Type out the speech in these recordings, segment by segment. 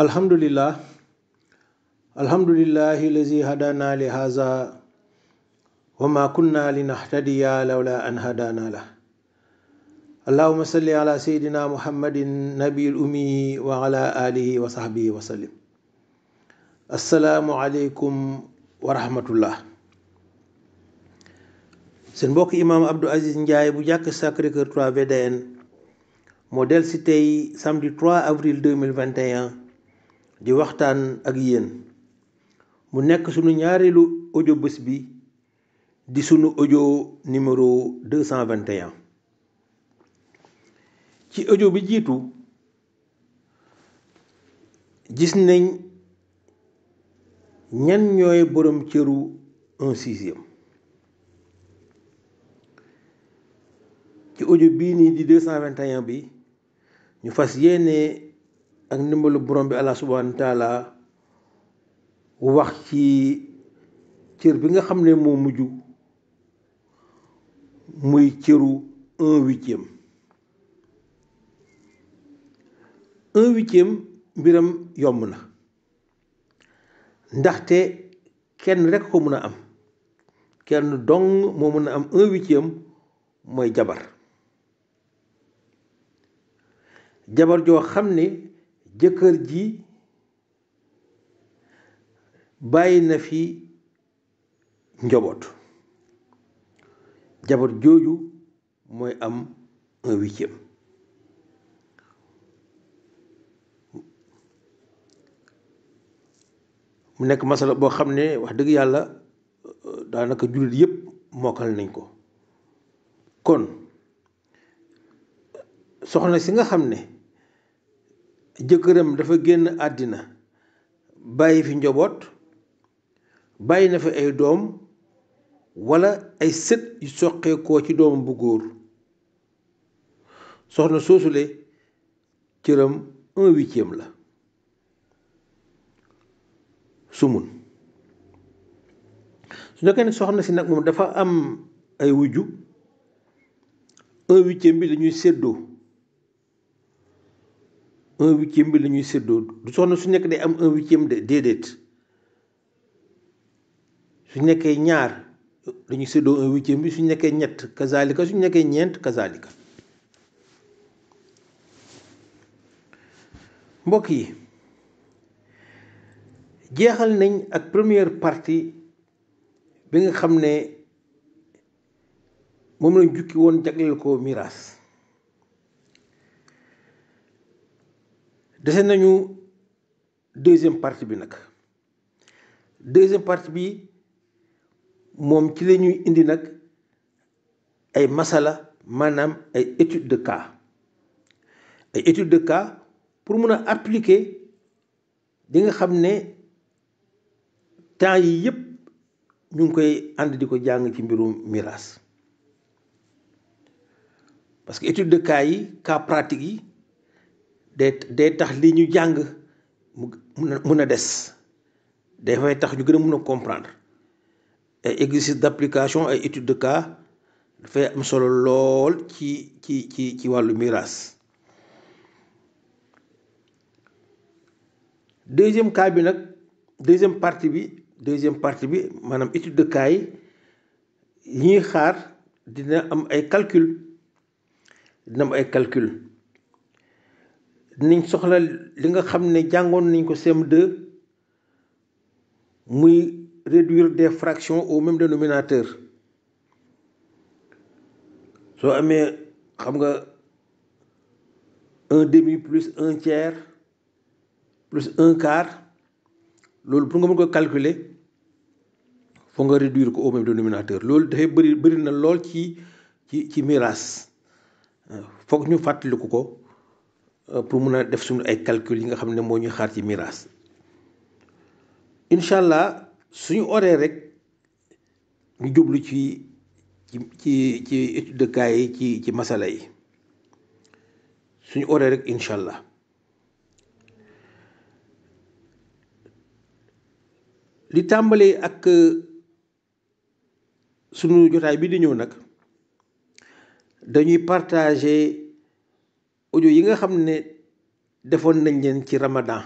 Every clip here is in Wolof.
الحمد لله الحمد لله الذي هدانا لهذا وما كنا لنهتدي لولا أن هدانا له اللهم صل على سيدنا محمد النبي الأمي وعلى آله وصحبه وسلم السلام عليكم ورحمة الله seen mbokk imaam Abdou Aziz Ndiaye bu jàkk Sacré-Cœur 3 VDN moo del si 3 افريل 2021 di waxtaan ak yéen mu nekk sunu ñaareelu audio bés bi di sunu audio numéro 221 ci audio bi jiitu gis nañ ñan ñooy borom cëru un sixième ci audio bii nii di 221 bi ñu fas yéenee ak ndimbalu borom bi allah subhanahu wa wax ci cër bi nga xam ne moo mujj muy cëru un huitième un mbiram yomb na ndaxte kenn rekk ko mën a am kenn dong moo mën a am un mooy jabar jabar joo xam ne jëkkër ji bàyyi na fi njaboot jaboot jooju mooy am un huitième mu nekk masala boo xam ne wax dëgg yàlla euh, daanaka jullit yépp mokkal nañ ko kon soxna si nga xam ne jëkkëram dafa génn àddina bàyyi fi njaboot bàyyi na fi ay doom walla ay sët yu soqeekoo ci doomam bu góor soxna soosule cëram un huitième la sumun su nekkee ne soxna si nag moom dafa am ay wujju un huitième bi dañuy séddoo un huitième bi la ñuy séddoo du soxna su nekk day am un huitième de déedéet su nekkee ñaar dañuy séddoo un huitième bi su nekkee ñett kazalika su nekkee ñeent kazalika mbokk yi jeexal nañ ak première partie bi nga xam ne moom lañ jukki woon jagleel ko miraas dese nañu deuxième partie bi nag deuxième partie bi moom ci la ñuy indi nag ay masala maanaam ay étude de cas ay étude de cas pour mun a appliquer di nga xam ne temps yi yëpp ñu ngi koy ànd di ko jàng ci mbirum miraas parce que étude de cas yi cas pratique yi day day tax li ñu jàng mu mun a des tax ñu gën a a comprendre ay exercice d'application ay étude de cas dafay am solo lool ci ci ci ci wàllu deuxième cas bi nag deuxième partie bi deuxième partie bi maanaam étude de cas yi ñuy xaar dina am ay calcul dina am ay calcul dinañ soxla li nga xam ne jàngoon nañ ko CM2 muy réduire des fractions au même dénominateur soo amee xam nga un demi plus un tiers plus un quart loolu pour nga mën ko calculer foog nga réduire ko au même dénominateur loolu dafay bëri bëri na lool ci ci ci miras foog ñu fàttaliku ko. Euh, pour mun a def suñu ay calcul yi nga xam ne moo ñuy xaar ci miraas incha allah suñu oree rek ñu jublu ci ci ci étude de yi ci ci masala yi suñu oree rek incha allah li tàmbalee ak euh, suñu jotaay bi di ñëw nag dañuy partager audio yi nga xam ne defoon nañ leen ci ramadan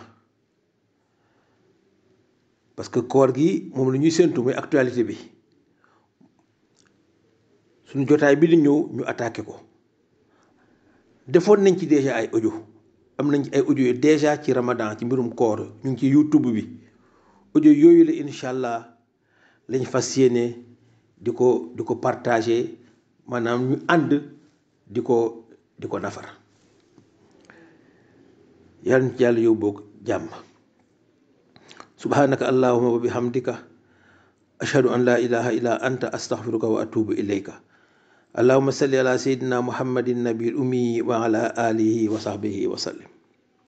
parce que koor gi moom la ñuy séntu mooy actualité bi suñu jotaay bi li ñëw ñu attaqué ko defoon nañ ci déjà ay audio am nañ ci ay audio yu déjà ci ramadan ci mbirum koor ñu ngi ci youtube bi audio yooyu la incha allah lañ fas yéene di ko di ko partagé maanaam ñu ànd di ko di ko nafar yal na ci yàlla yóbboog subhanaka allahumma wa bihamdika ashhadu an la ilaha illa anta astaghfiruka wa atubu ilayka اللهم صل على سيدنا محمد النبي الأمي وعلى آله وصحبه وسلم